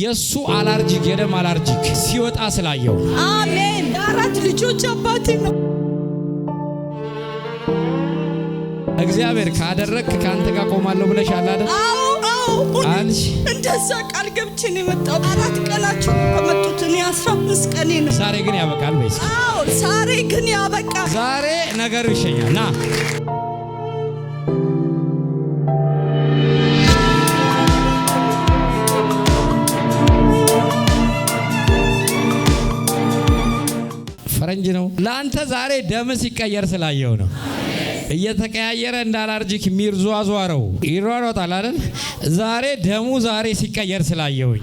የእሱ አላርጂክ የደም አላርጂክ ሲወጣ ስላየው አሜን። አራት ልጆች አባቴ ነው። እግዚአብሔር ካደረግክ ከአንተ ጋር ቆማለሁ ብለሽ አላለ። እንደዛ ቃል ገብቼ ነው አራት ቀናችሁ ከመጡት እኔ አስራ አምስት ቀኔ ነው። ዛሬ ግን ያበቃል። ዛሬ ግን ያበቃል። ዛሬ ነገሩ ይሸኛል ና ፈረንጅ ነው። ለአንተ ዛሬ ደም ሲቀየር ስላየው ነው። እየተቀያየረ እንዳላርጅክ የሚርዟዟረው ይሯሯጣል አይደል? ዛሬ ደሙ ዛሬ ሲቀየር ስላየውኝ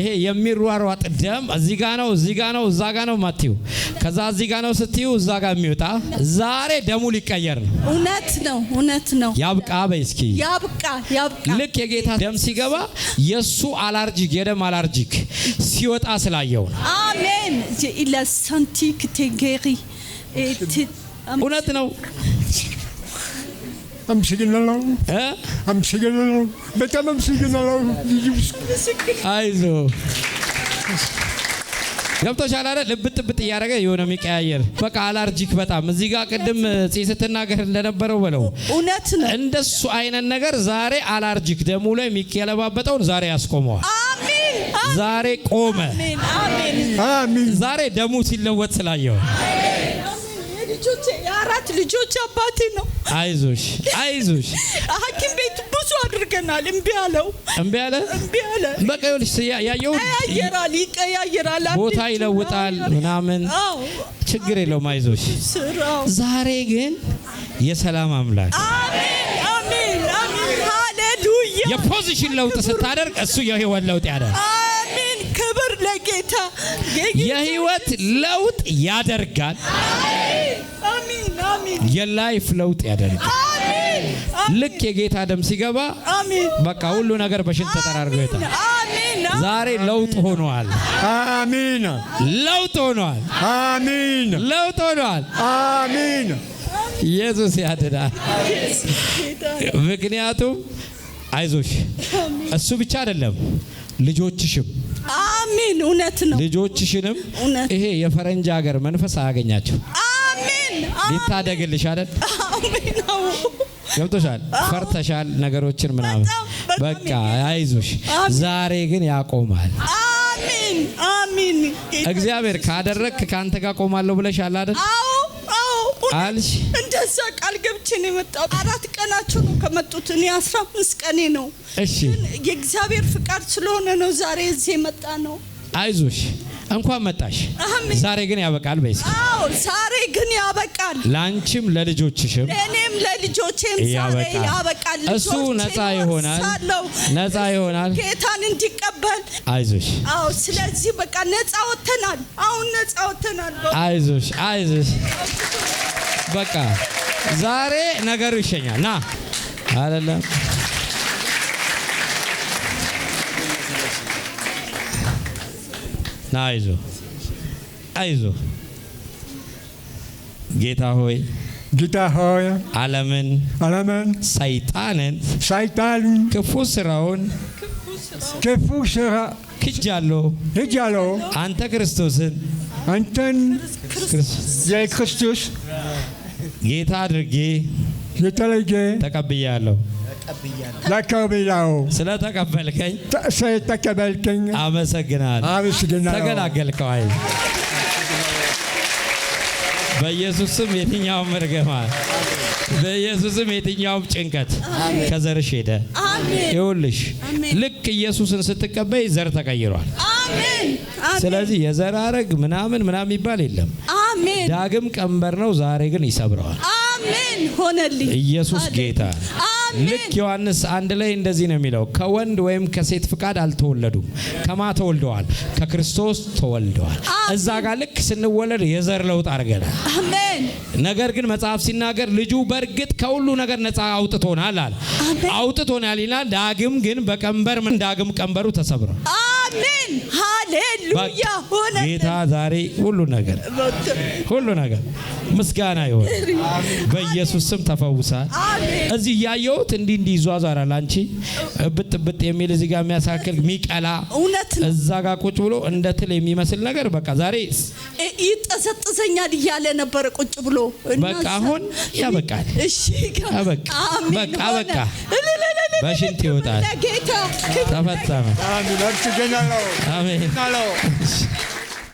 ይሄ የሚሯሯጥ ደም እዚህ ጋ ነው፣ እዚህ ጋ ነው፣ እዛ ጋ ነው ማትዩ ከዛ እዚህ ጋ ነው ስትዩ እዛ ጋ የሚወጣ ዛሬ ደሙ ሊቀየር ነው። እውነት ነው፣ እውነት ነው። ያብቃ በይ እስኪ ያብቃ፣ ያብቃ። ልክ የጌታ ደም ሲገባ የእሱ አላርጅክ የደም አላርጅክ ሲወጣ ስላየው ነው። አሜን። ለሰንቲክ ቴጌሪ እውነት ነው። አመሰግናለሁ። አመሰግናለሁ። በጣም አመሰግናለሁ። አይዞ ገብቶሻል አይደል? ልብጥ ብጥ እያደረገ የሆነ የሚቀያየር በቃ አላርጂክ በጣም እዚህ ጋር ቅድም ስትናገር እንደነበረው በለው እውነት ነው። እንደሱ አይነት ነገር ዛሬ አላርጂክ ደሙ ላይ የሚገለባበጠውን ዛሬ ያስቆመዋል። ዛሬ ቆመ። ዛሬ ደሙ ሲለወጥ ስላየው የአራት ልጆች አባቴ ነው። አይዞሽ አይዞሽ። ሐኪም ቤት ብዙ አድርገናል። እምቢ አለው። እምቢ አለ። እምቢ አለ። በቃ ይኸውልሽ ያየው ይቀያየራል፣ ይቀያየራል፣ ቦታ ይለውጣል ምናምን። ችግር የለውም አይዞሽ። ዛሬ ግን የሰላም አምላክ አሜን፣ አሜን፣ ሃሌሉያ። የፖዚሽን ለውጥ ስታደርግ እሱ የህይወት ለውጥ ያደርጋል። አሜን። ክብር ለጌታ። የህይወት ለውጥ ያደርጋል። የላይፍ ለውጥ ያደርግ። ልክ የጌታ ደም ሲገባ በቃ ሁሉ ነገር በሽን ተጠራርጎ ይታል። ዛሬ ለውጥ ሆኗል። አሚን። ለውጥ ሆኗል። አሚን። ለውጥ ሆኗል። አሚን። ኢየሱስ ያድናል። ምክንያቱም አይዞሽ እሱ ብቻ አይደለም ልጆችሽም አሚን። እውነት ነው። ልጆችሽንም ይሄ የፈረንጅ ሀገር መንፈስ አያገኛቸው። ሊታደግልሽ አይደል? አሜን። ገብቶሻል፣ ፈርተሻል ነገሮችን ምናምን በቃ አይዞሽ። ዛሬ ግን ያቆማል። አሜን፣ አሜን። እግዚአብሔር ካደረግክ ከአንተ ጋር ቆማለሁ ብለሻል አይደል? አልሽ እንደዛ ቃል ገብቼ ነው የመጣው። አራት ቀናቸው ነው ከመጡት፣ እኔ አስራ አምስት ቀኔ ነው። እሺ የእግዚአብሔር ፍቃድ ስለሆነ ነው ዛሬ እዚህ የመጣ ነው። አይዞሽ እንኳን መጣሽ። ዛሬ ግን ያበቃል በይ። አዎ ዛሬ ግን ያበቃል። ላንቺም ለልጆችሽም ለእኔም ለልጆቼም ዛሬ ያበቃል። እሱ ነፃ ይሆናል፣ ነፃ ይሆናል ጌታን እንዲቀበል። አይዞሽ። አዎ ስለዚህ በቃ ነፃ ወተናል። አሁን ነፃ ወተናል። አይዞሽ፣ አይዞሽ። በቃ ዛሬ ነገሩ ይሸኛል። ና አይደለም ና አይዞ አይዞ ጌታ ሆይ ጌታ ሆይ ዓለምን ዓለምን ሰይጣንን ሰይጣንን ክፉ ስራውን ክፉ ስራ ክጃለሁ ክጃለሁ አንተ ክርስቶስን አንተን የክርስቶስ ጌታ አድርጌ የተለየ ተቀብያለሁ። ተቀብያለሁ። ስለተቀበልከኝ ስለተቀበልከኝ አመሰግናለሁ። አመስግናለሁ። ተገላገልከው። አይ በኢየሱስ ስም የትኛውም እርግማ በኢየሱስም የትኛውም ጭንቀት ከዘርሽ ሄደ። ይኸውልሽ ልክ ኢየሱስን ስትቀበይ ዘር ተቀይሯል። ስለዚህ የዘር አረግ ምናምን ምናምን የሚባል የለም። ዳግም ቀንበር ነው። ዛሬ ግን ይሰብረዋል። አሜን። ሆነልኝ። ኢየሱስ ጌታ ልክ ዮሐንስ አንድ ላይ እንደዚህ ነው የሚለው ከወንድ ወይም ከሴት ፍቃድ አልተወለዱም። ከማ ተወልደዋል? ከክርስቶስ ተወልደዋል። እዛ ጋር ልክ ስንወለድ የዘር ለውጥ አድርገናል። ነገር ግን መጽሐፍ ሲናገር ልጁ በእርግጥ ከሁሉ ነገር ነፃ አውጥቶናል አለ። አውጥቶናል ይላል። ዳግም ግን በቀንበር ምን ዳግም ቀንበሩ ተሰብሯል። አሜን፣ ሃሌሉያ። ሆነ ጌታ ዛሬ ሁሉ ነገር ሁሉ ነገር ምስጋና ይሆን። በኢየሱስ ስም ተፈውሳል። እዚህ እያየሁት እንዲህ እንዲህ ይዟዟራል። አንቺ እብጥ እብጥ የሚል እዚህ ጋር የሚያሳክል የሚቀላ እዛ ጋር ቁጭ ብሎ እንደ ትል የሚመስል ነገር በቃ ዛሬ ይጠሰጥሰኛል እያለ ነበረ ቁጭ ብሎ በቃ አሁን ያበቃል። እሺ በቃ በቃ በሽንት ይወጣል። ተፈጸመ። አሜን።